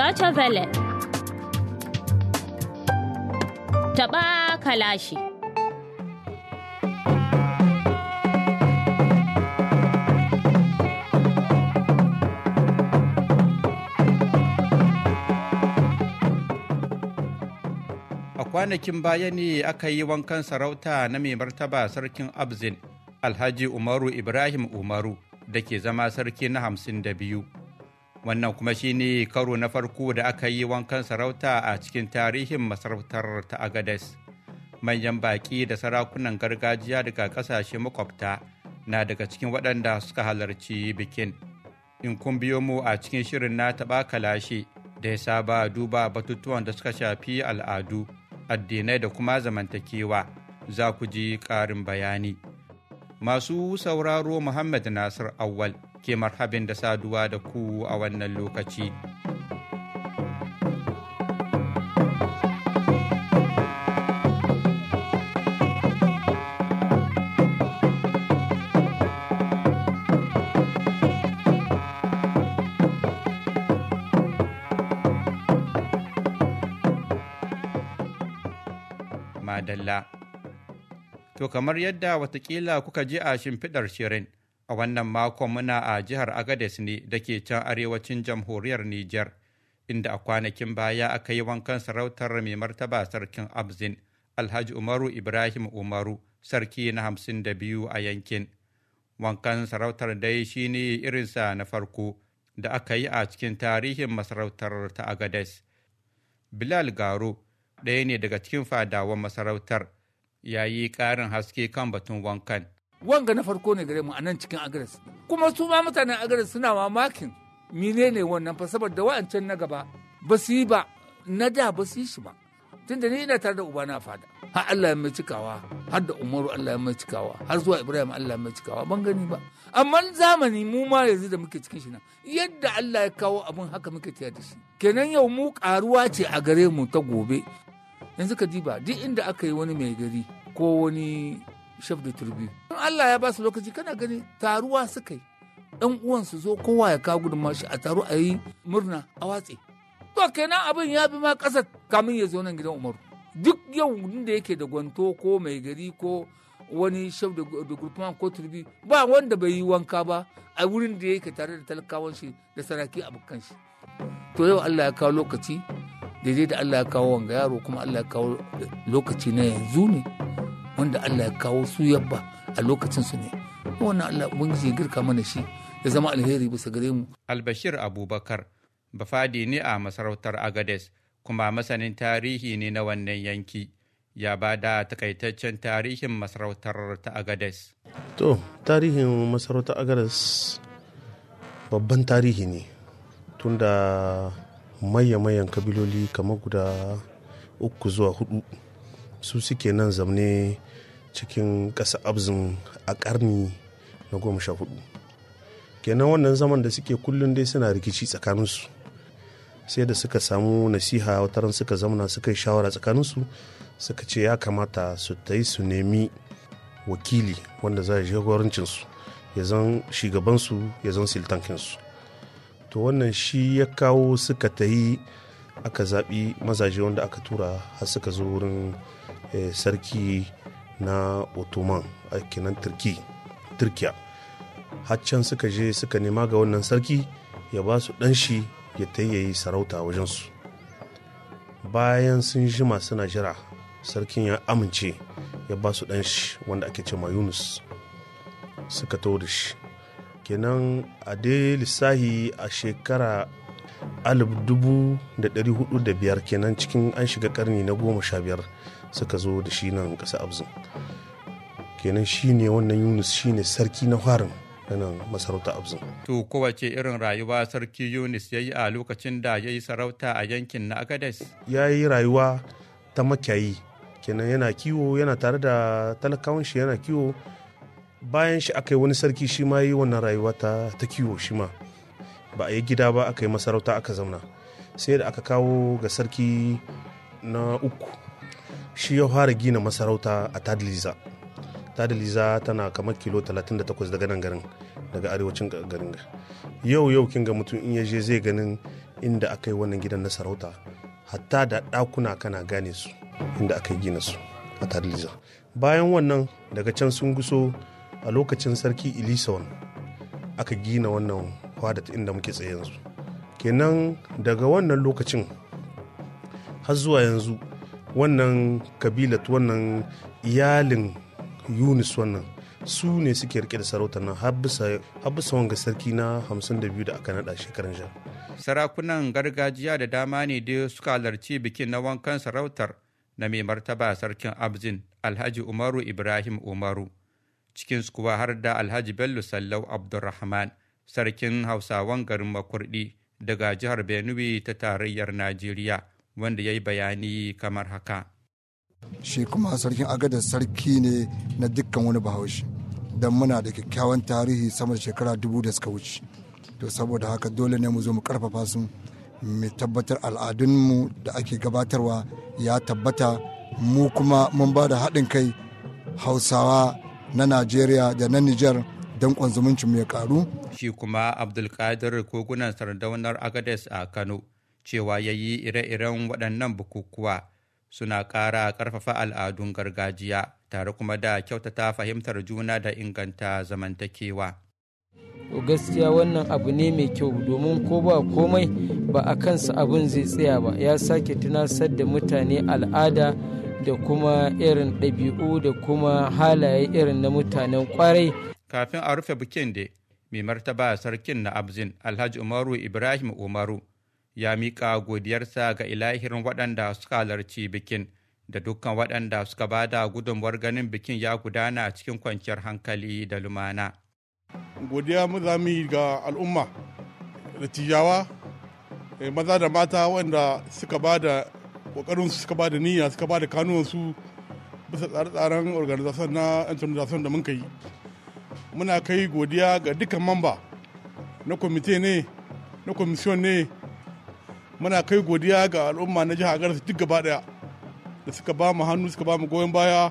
Deutsche Welle. Taɓa kalashi. A kwanakin baya ne aka yi wankan sarauta na mai martaba sarkin Abzin, Alhaji Umaru Ibrahim Umaru da ke zama sarki na hamsin da biyu. wannan kuma shi ne karo na farko da aka yi wankan sarauta a cikin tarihin masarautar ta agades manyan baƙi da sarakunan gargajiya daga ƙasashe makwabta na daga cikin waɗanda suka halarci bikin in kun biyo mu a cikin shirin na taɓa kalashi da ya saba duba batutuwan da suka shafi al'adu addinai da kuma zamantakewa za ku ji ƙarin bayani masu sauraro muhammad nasir awal ke marhabin da saduwa da ku a wannan lokaci. Madalla To kamar yadda watakila kuka ji a shimfiɗar shirin. a wannan makon muna a jihar agades ne da ke can arewacin jamhuriyar niger inda a kwanakin baya aka yi wankan sarautar mai martaba sarkin abzin alhaji umaru ibrahim umaru sarki na hamsin da biyu a yankin wankan sarautar dai ne irinsa na farko da aka yi a cikin tarihin masarautar ta agades bilal garo ɗaya ne daga cikin fadawan masarautar ya yi ƙarin haske kan batun wankan wanga na farko ne gare mu a nan cikin agres. kuma su ma mutanen agres suna mamakin menene wannan fa saboda wa'ancan na gaba ba su yi ba na da ba su yi shi ba tunda ni ina tare da na fada har Allah ya mai cikawa har da Umaru Allah ya mai cikawa har zuwa Ibrahim Allah ya mai cikawa ban gani ba amma zamani mu ma yanzu da muke cikin shi na yadda Allah ya kawo abun haka muke tayar da shi kenan yau mu karuwa ce a gare mu ta gobe yanzu ka diba duk inda aka yi wani mai gari ko wani chef de in Allah ya ba su lokaci kana gani taruwa suka yi dan uwan su zo kowa ya kawo gudunmawa shi a taro a yi murna a watse to kenan abin ya bi ma ƙasa kamin ya zo nan gidan Umaru duk yau da yake da gwanto ko mai gari ko wani shaf da gurfuma ko turbi ba wanda bai yi wanka ba a wurin da yake tare da talakawan shi da saraki abokan shi to yau Allah ya kawo lokaci daidai da Allah ya kawo wanga yaro kuma Allah ya kawo lokaci na yanzu ne wanda Allah ya kawo su yabba a lokacin su ne wannan Allah ubangiji girka mana shi ya zama alheri bisa gare mu Albashir Abubakar bafadi ne a masarautar Agades kuma masanin tarihi ne na wannan yanki ya ba da takaitaccen tarihin masarautar ta Agades to tarihin masarautar Agades babban tarihi ne tunda maye-mayen kabiloli kamar guda uku zuwa hudu su suke nan zamne cikin ƙasa abzin a ƙarni na goma sha hudu kenan wannan zaman da suke kullum dai suna rikici tsakaninsu sai da suka samu nasiha wataran suka zamana suka yi shawara tsakaninsu suka ce ya kamata su ta yi su nemi wakili wanda za a jagorancinsu ya zan shugabansu ya zan siltankinsu to wannan shi ya kawo suka ta yi aka zaɓi mazaje wanda aka tura har suka zo wurin eh, sarki na ottoman a kenan turki turkiya haccan suka je suka nema ga wannan sarki ya ba su ɗanshi ya ta yi sarauta wajensu bayan sun jima suna jira sarkin ya amince ya ba su shi wanda ake cewa yunus suka to da shi kenan a lissahi a shekara biyar kenan cikin an shiga karni na goma sha biyar. suka zo da shi nan ƙasa abzin kenan shi ne wannan yunus shi ne sarki na harin nan masarauta abzin to kowace irin rayuwa sarki yunus ya yi a lokacin da ya yi sarauta a yankin na agades ya yi rayuwa ta makiyayi kenan yana kiwo yana tare da talakawan shi yana kiwo bayan shi aka yi wani sarki shi ma yi wannan rayuwa ta, ta kiwo shi ma ba a yi gida ba aka yi masarauta aka zauna sai da aka kawo ga sarki na uku shi ya fara gina masarauta a tadliza tadliza tana kamar kilo 38 daga nan garin daga arewacin garin yau yau kin ga mutum in ya je zai ganin inda aka yi wannan gidan na sarauta hatta da ɗakuna kana gane su inda aka yi gina su a tadliza bayan wannan daga can sun guso a lokacin sarki ilisawan aka gina wannan fadat inda muke tsaye yanzu kenan daga wannan lokacin har zuwa yanzu wannan kabilat wannan iyalin yunus wannan su ne suke rike da sarautar nan har bisa wanga sarki na 52 da aka nada shekaran jar sarakunan gargajiya da dama ne da suka halarci bikin na wankan sarautar na mai martaba sarkin abzin alhaji umaru ibrahim umaru cikin kuwa har da alhaji bello sallau abdurrahman sarkin hausawan garin makurdi daga jihar benue ta tarayyar najeriya wanda ya yi bayani kamar haka. Shi kuma sarkin agada sarki ne na dukkan wani bahaushe don muna da kyakkyawan tarihi sama da shekara dubu da suka wuce. To saboda haka dole ne mu zo mu karfafa su mu tabbatar al'adunmu da ake gabatarwa ya tabbata mu kuma mun ba da haɗin kai hausawa na Najeriya da na Nijar don mu ya ƙaru. Shi kuma Abdulkadir kogunan sardaunar Agades a Kano cewa ya yi ire-iren waɗannan bukukuwa suna ƙara ƙarfafa al'adun gargajiya tare kuma da kyautata fahimtar juna da inganta zamantakewa. gaskiya wannan abu ne mai kyau domin ko ba komai ba a kansa abin zai tsaya ba ya sake tunasar da mutane al'ada da kuma irin ɗabi'u da kuma halaye irin na mutanen kwarai kafin a rufe bikin da mai martaba sarkin na abzin alhaji umaru ibrahim umaru ya miƙa godiyarsa ga ilahirin waɗanda suka halarci bikin da dukkan waɗanda suka ba da gudunmuwar ganin bikin ya gudana cikin kwanciyar hankali da lumana. Godiya mu za mu yi ga al'umma da tijawa eh, maza da mata wanda suka ba da su suka ba da niyya suka ba da kanuwansu bisa tsare-tsaren organization na internazation da muka yi. Muna kai godiya ga dukkan mamba na kwamite ne, na kwamishiyon ne, muna kai godiya ga al'umma na jihar Agadez duk gaba daya da suka ba mu hannu suka ba mu goyon baya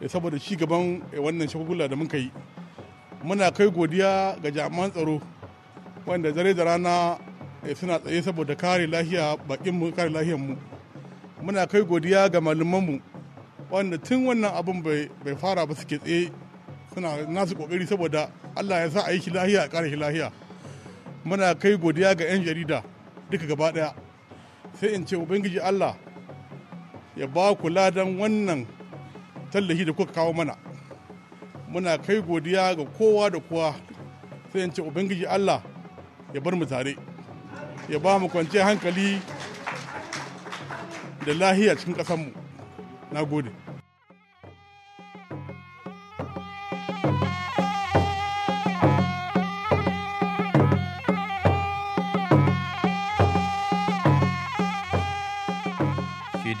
eh, saboda ci gaban eh, wannan shagulgula da muka yi muna kai godiya ga jami'an tsaro wanda dare da rana eh, suna tsaye saboda kare lahiya bakin mu kare lahiyar mu muna kai godiya ga malaman mu wanda tun wannan abun bai fara ba suke tsaye suna nasu kokari saboda Allah ya sa a yi lahiya a kare lahiya muna kai godiya ga 'yan jarida duka gaba ɗaya sai in ce ubangiji allah ya ba ku ladan wannan tallahi da kuka kawo mana muna kai godiya ga kowa da kowa sai in ce ubangiji allah ya bar mu tare ya ba mu kwanciyar hankali da lahiya cikin ƙasanmu na gode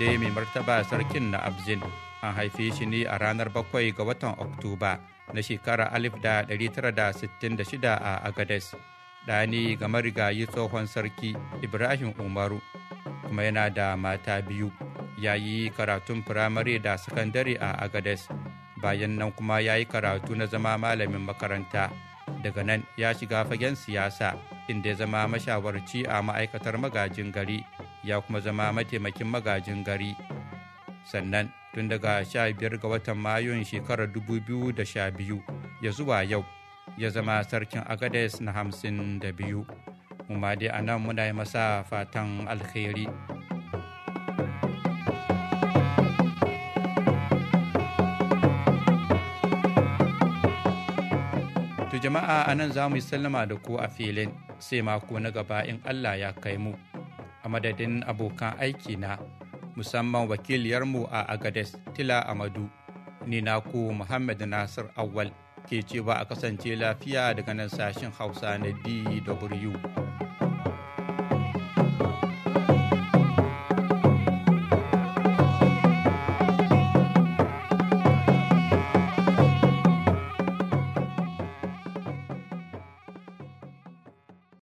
dai mai martaba sarkin na abzin an haife shi ne a ranar bakwai ga watan oktoba na shekara shida a agades ɗani ga marigayi tsohon sarki ibrahim umaru kuma yana da mata biyu ya yi karatun firamare da sakandare a agades bayan nan kuma ya yi karatu na zama malamin makaranta daga nan ya shiga fagen siyasa inda ya zama mashawarci a ma'aikatar magajin gari ya kuma zama mataimakin magajin gari sannan tun daga sha biyar ga watan mayun shekarar biyu ya zuwa yau ya zama sarkin agades na hamsin da Mu ma dai a nan muna yi masa fatan alkhairi jama'a anan nan za mu yi sallama da ku a filin sai mako na gaba in Allah ya kai mu madadin abokan aiki na musamman wakiliyarmu a Agades Tila Amadu. Ni na ku Muhammad Nasir Awal ke cewa a kasance lafiya daga nan sashen Hausa na DW.